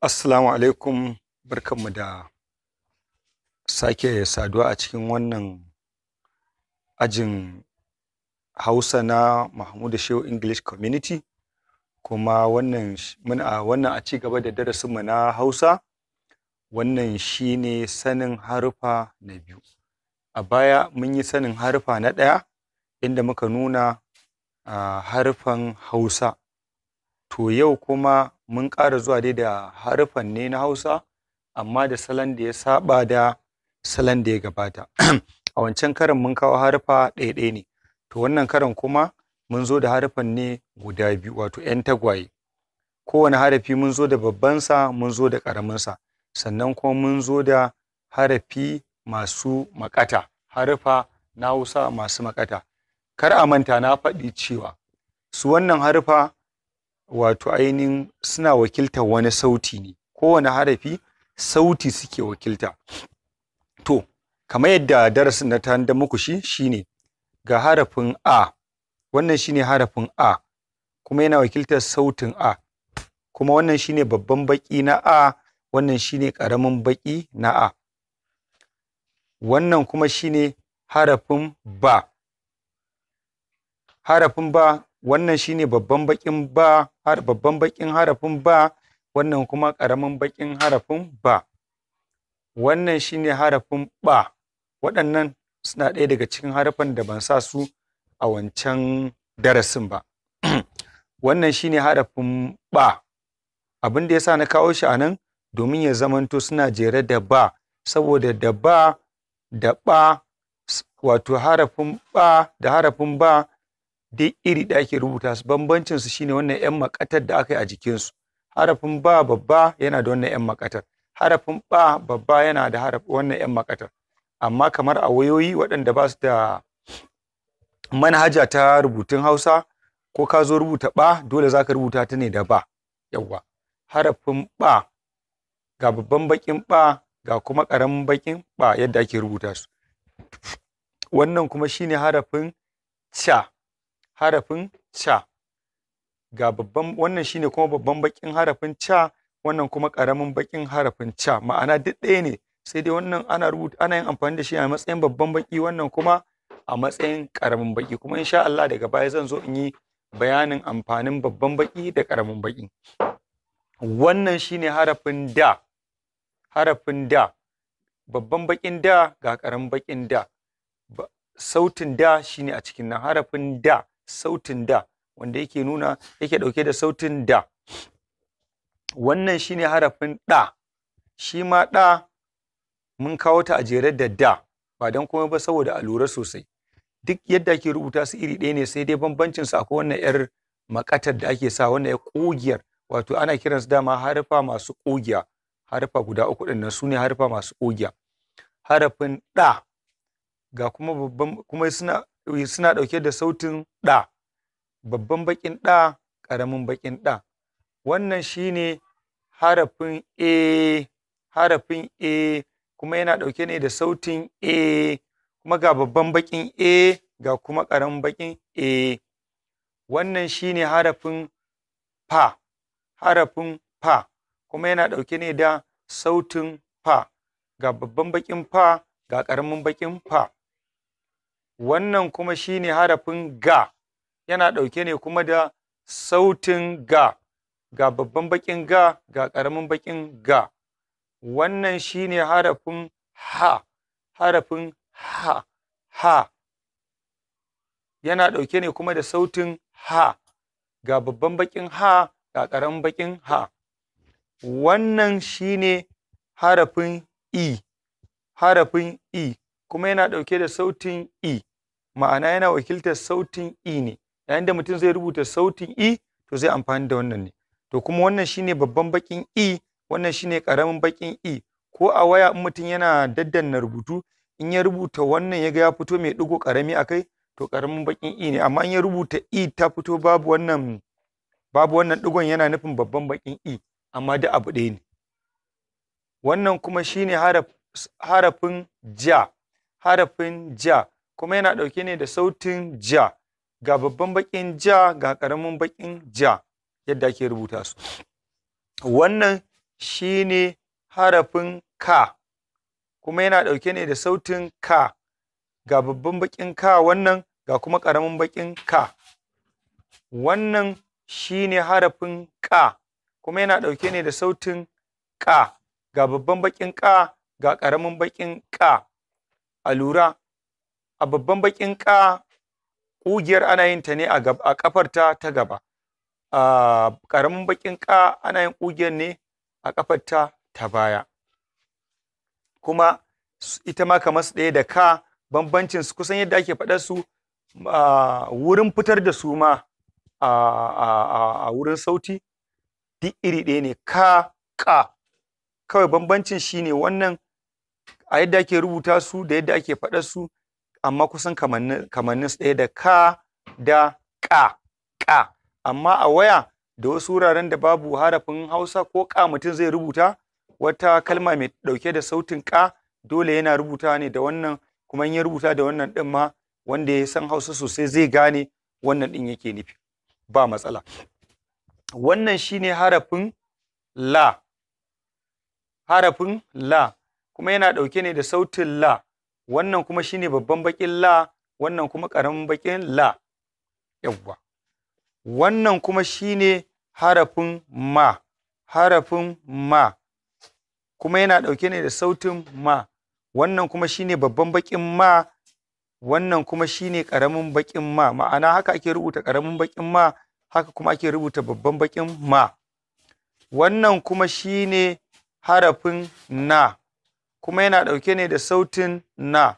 Assalamu alaikum barkanmu da sake saduwa a cikin wannan ajin Hausa na Mahmudu Shehu English Community kuma wannan a wannan a ci gaba da darasin mu na Hausa wannan shine sanin harufa na biyu a baya mun yi sanin harufa na ɗaya inda muka nuna harufan Hausa to yau kuma mun ƙara zuwa dai da harufan ne na hausa amma da salon da ya saba da salon da ya gabata a wancan karan mun kawo harufa ɗaya ne to wannan karan kuma mun zo da harufan ne guda biyu wato 'yan tagwaye kowane harafi mun zo da babbansa mun zo da ƙaraminsa sannan kuma mun zo da harafi masu makata harufa na hausa masu makata kar a manta na faɗi cewa su wannan harufa wato ainihin suna wakiltar wani sauti ne kowane harafi sauti suke wakilta to kamar yadda darasin na ta da muku shi shine ga harafin a wannan shine harafin a kuma yana wakiltar sautin a kuma wannan shine babban baki na a wannan shine karamin baki na a wannan kuma shine harafin ba harafin ba wannan shine babban baƙin ba har babban bakin harafin ba wannan kuma ƙaramin baƙin harafin ba wannan shine harafin ba waɗannan suna ɗaya daga cikin harafin da ban sa su a wancan darasin ba wannan shine harafin ba abin da sa na kawo shi a nan domin ya zamanto suna jere da ba saboda da ba da ba wato harafin ba da harafin ba duk iri da ake rubuta su bambancin su shine wannan yan makatar da aka yi a jikin su harafin ba babba yana da wannan yan makatar harafin ba babba yana da harafin wannan yan makatar amma kamar a wayoyi waɗanda ba su da manhaja ta rubutun Hausa ko ka zo rubuta ba dole zaka rubuta ta ne da ba yawwa harafin ba ga babban bakin ba ga kuma ƙaramin bakin ba yadda ake rubuta su wannan kuma shine harafin ca harafin ca ga babban wannan shine kuma babban bakin harafin ca wannan kuma karamin bakin harafin ca ma'ana duk ɗaya ne sai dai wannan ana rubuta ana yin amfani da shi a matsayin babban baki wannan kuma a matsayin karamin baki kuma insha Allah daga baya zan zo in yi bayanin amfanin babban baki da karamin baki wannan shine harafin da harafin da babban bakin da ga karamin bakin da sautin da shine a cikin nan harafin da sautin da wanda yake nuna yake ɗauke da sautin da wannan shine harafin ɗa shi ma ɗa mun kawo ta a jere da da ba don kuma ba saboda a lura sosai duk yadda ake rubuta su iri ɗaya ne sai dai bambancin su akwai wannan yar makatar da ake sa wannan yar ƙugiyar wato ana kiransu dama harfa masu ƙugiya harfa guda uku ɗin nan su harfa masu ƙugiya harafin ɗa ga kuma babban kuma suna suna ɗauke da sautin ɗa babban baƙin ɗa ƙaramin baƙin ɗa wannan shine harafin a harafin a kuma yana ɗauke ne da sautin a kuma ga babban baƙin a ga kuma ƙaramin baƙin a wannan shine harafin fa harafin fa kuma yana ɗauke ne da sautin fa ga babban baƙin fa ga ƙaramin baƙin fa wannan kuma shi ne harafin ga yana ɗauke ne kuma da sautin ga ga babban baƙin ga ga ƙaramin baƙin ga wannan shi ne harafin ha harafin ha ha yana ɗauke ne kuma da sautin ha ga babban baƙin ha ga ƙaramin baƙin ha wannan shi ne harafin i harafin i kuma yana ɗauke da sautin i ma'ana yana wakiltar sautin i ne yayin da mutum zai rubuta sautin i to zai amfani da wannan ne to kuma wannan shine babban bakin i wannan shine karamin bakin i ko a waya in mutum yana daddanna rubutu in ya rubuta wannan yaga ya fito mai dugo karami akai to karamin bakin i ne amma in ya rubuta i ta fito babu wannan babu wannan dugon yana nufin babban bakin i amma da abu ɗaya ne wannan kuma shine harafin ja harafin ja kuma yana ɗauke ne da sautin ja ga babban baƙin ja ga ƙaramin baƙin ja yadda ake rubuta su wannan shine harafin ka kuma yana ɗauke ne da sautin ka ga babban baƙin ka wannan ga kuma ƙaramin baƙin ka wannan shine harafin ka kuma yana ɗauke ne da sautin ka ga babban baƙin ka ga ƙaramin baƙin ka a lura a babban bakin ƙa ƙugiyar ana yin ta ne a ƙafar ta ta gaba a ƙaramin bakin ƙa ana yin ƙugiyar ne a ƙafar ta ta baya kuma ita ma kamar su ɗaya da ka bambancin su kusan yadda ake faɗa su wurin fitar da su ma a wurin sauti duk iri ɗaya ne ka ka kawai bambancin shine wannan a yadda ake rubuta su da yadda ake faɗa su amma kusan kamannin ɗaya da ka da ka ka amma a waya da wasu wuraren da babu harafin hausa ko ka mutum zai rubuta wata kalma mai ɗauke da sautin ka dole yana rubuta ne da wannan kuma in ya rubuta da wannan ɗin ma wanda ya san hausa sosai zai gane wannan ɗin yake nufi ba matsala wannan shine harafin la harafin la kuma yana ɗauke ne da sautin la wannan kuma shine babban bakin la wannan kuma ƙaramin bakin la yawwa wannan kuma shine harafin ma harafin ma kuma yana ɗauke ne da sautin ma wannan kuma shine babban bakin ma wannan kuma shine ƙaramin bakin ma ma'ana haka ake rubuta ƙaramin bakin ma haka kuma ake rubuta babban bakin ma wannan kuma shine harafin na kuma yana ɗauke ne da sautin na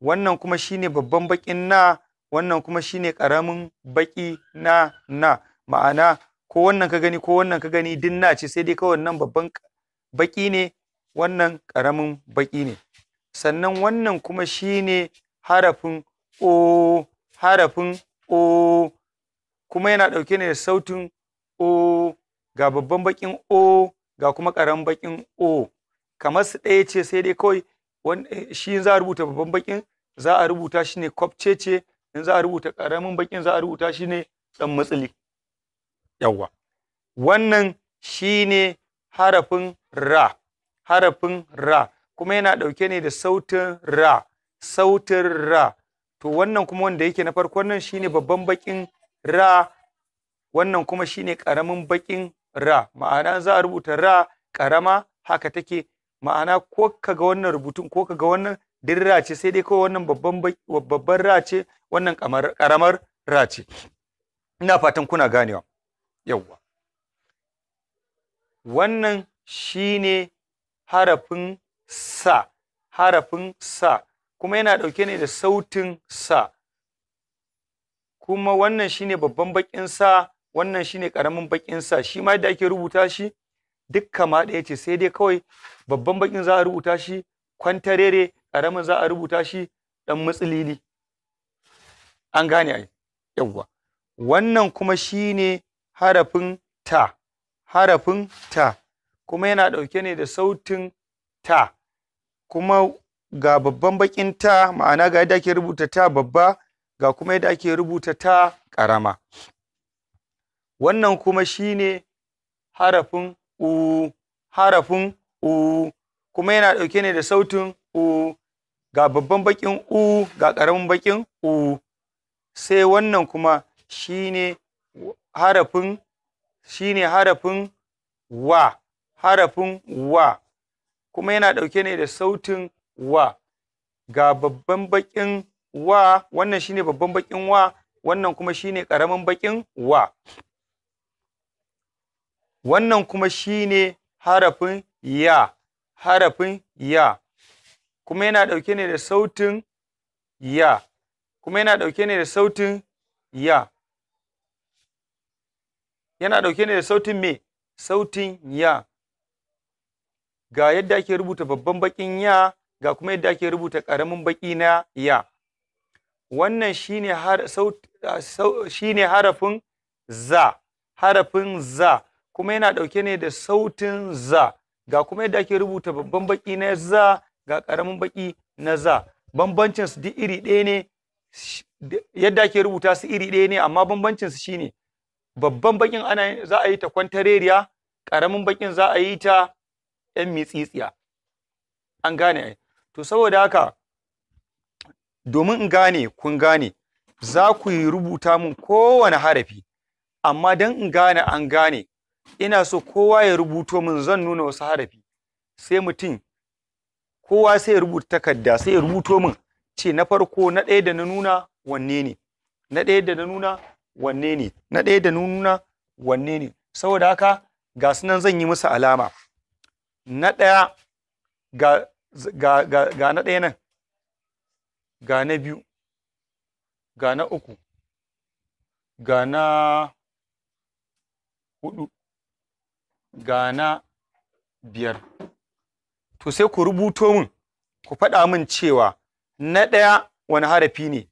wannan kuma shine babban baƙin na wannan kuma shine ƙaramin baƙi na na ma'ana ko wannan ka gani ko wannan ka gani din na ce sai dai kawai wannan babban baƙi ne wannan ƙaramin baƙi ne sannan wannan kuma shine harafin o harafin o kuma yana ɗauke ne da sautin o ga babban baƙin o ga kuma ƙaramin baƙin o kamar su ɗaya ce sai dai kawai eh, shi za a rubuta babban bakin za a rubuta shi ne kwafcece in za a rubuta ƙaramin bakin za a rubuta shi ne ɗan matsili yawwa wannan shi ne harafin ra harafin ra kuma yana ɗauke ne da sautin ra sautin ra to wannan kuma wanda yake na farkon nan shi ne babban bakin ra wannan kuma shi ne karamin bakin ra ma'ana za a rubuta ra karama haka take ma'ana ko ka ga wannan rubutun ko ka ga wannan dirra race sai dai kawai wannan babban babban race wannan karamar race ina fatan kuna ganewa yawwa wannan shine harafin sa harafin sa kuma yana dauke ne da sautin sa kuma wannan shine babban bakin sa wannan shine karamin bakin sa shi ma yadda ake rubuta shi dukka ma ɗaya ce sai dai kawai babban bakin za a rubuta shi kwantarere ƙaramin za a rubuta shi ɗan mutsilili an gane ai yawwa wannan kuma shine harafin ta harafin ta kuma yana ɗauke ne da sautin ta kuma ga babban bakin ta ma'ana ga yadda ake rubuta ta babba ga kuma yadda ake rubuta ta ƙarama wannan kuma shine harafin u harafin u kuma yana ɗauke ne da sautin u ga babban bakin u ga ƙaramin bakin u sai wannan kuma shine harafin shine harafin wa harafin wa kuma yana ɗauke ne da sautin wa ga babban bakin wa wannan shine babban bakin wa wannan kuma shine ƙaramin bakin wa wannan kuma shi ne harafin ya harafin ya kuma yana ɗauke ne da sautin ya kuma yana ɗauke ne da sautin ya yana ɗauke ne da sautin me sautin ya ga yadda ake rubuta babban baƙin ya ga kuma yadda ake rubuta ƙaramin baƙi na ya wannan shine har, shine harafin za harafin za kuma yana ɗauke ne da sautin za ga kuma yadda ake rubuta babban baki na za ga ƙaramin baki na za bambancin su duk iri ɗaya ne yadda ake rubuta su iri ɗaya ne amma bambancin su shine babban bakin ana za a yi ta kwantareriya ƙaramin bakin za a yi ta yan mitsitsiya an gane ai to saboda haka domin in gane kun gane za ku yi rubuta min kowane harafi amma don in gane an gane ina so kowa ya rubuto min zan nuna wasu harafi sai mutum kowa sai ya rubuta takarda sai ya rubuto min ce na farko na ɗaya da na nuna wanne ne na ɗaya da na nuna wanne ne na ɗaya da na nuna wanne ne saboda haka ga sunan zan yi musu alama na ɗaya ga, ga, ga, ga na ɗaya nan ga na biyu ga na uku ga na hudu ga na biyar to sai ku rubuto min ku faɗa min cewa na ɗaya wani harafi ne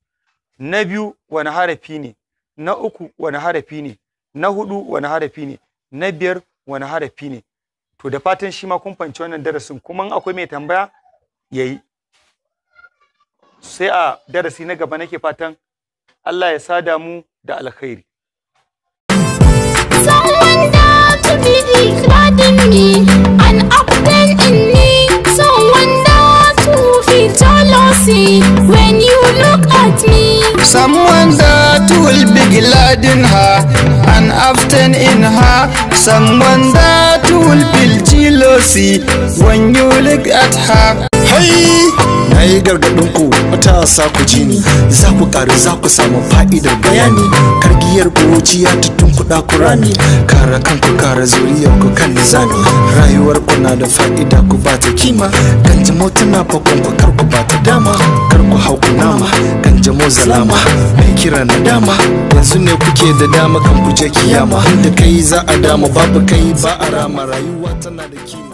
na biyu wani harafi ne na uku wani harafi ne na hudu wani harafi ne na biyar wani harafi ne to da fatan shi ma kun fahimci wannan darasin kuma akwai mai tambaya ya yi, sai a darasi na gaba nake fatan Allah ya sada mu da alkhairi. when you look at me. Someone that will be glad in her and often in her. Someone that will feel jealousy when you look at her. Hey! yi gargaɗin ku matasa ku ji ni za ku ƙaru za ku samu fa'idar bayani kargiyar kuroci ya tutun kuɗa ku rani kara kanku kara zuriyar ku kan nizami rayuwar ku na da fa'ida ku ba ta kima kanjamo tana fakon ku kar ba ta dama kar hau ku nama jamo zalama mai kira na dama yanzu ne kuke da dama kan ku je kiyama da kai za a dama babu kai ba a rama rayuwa tana da kima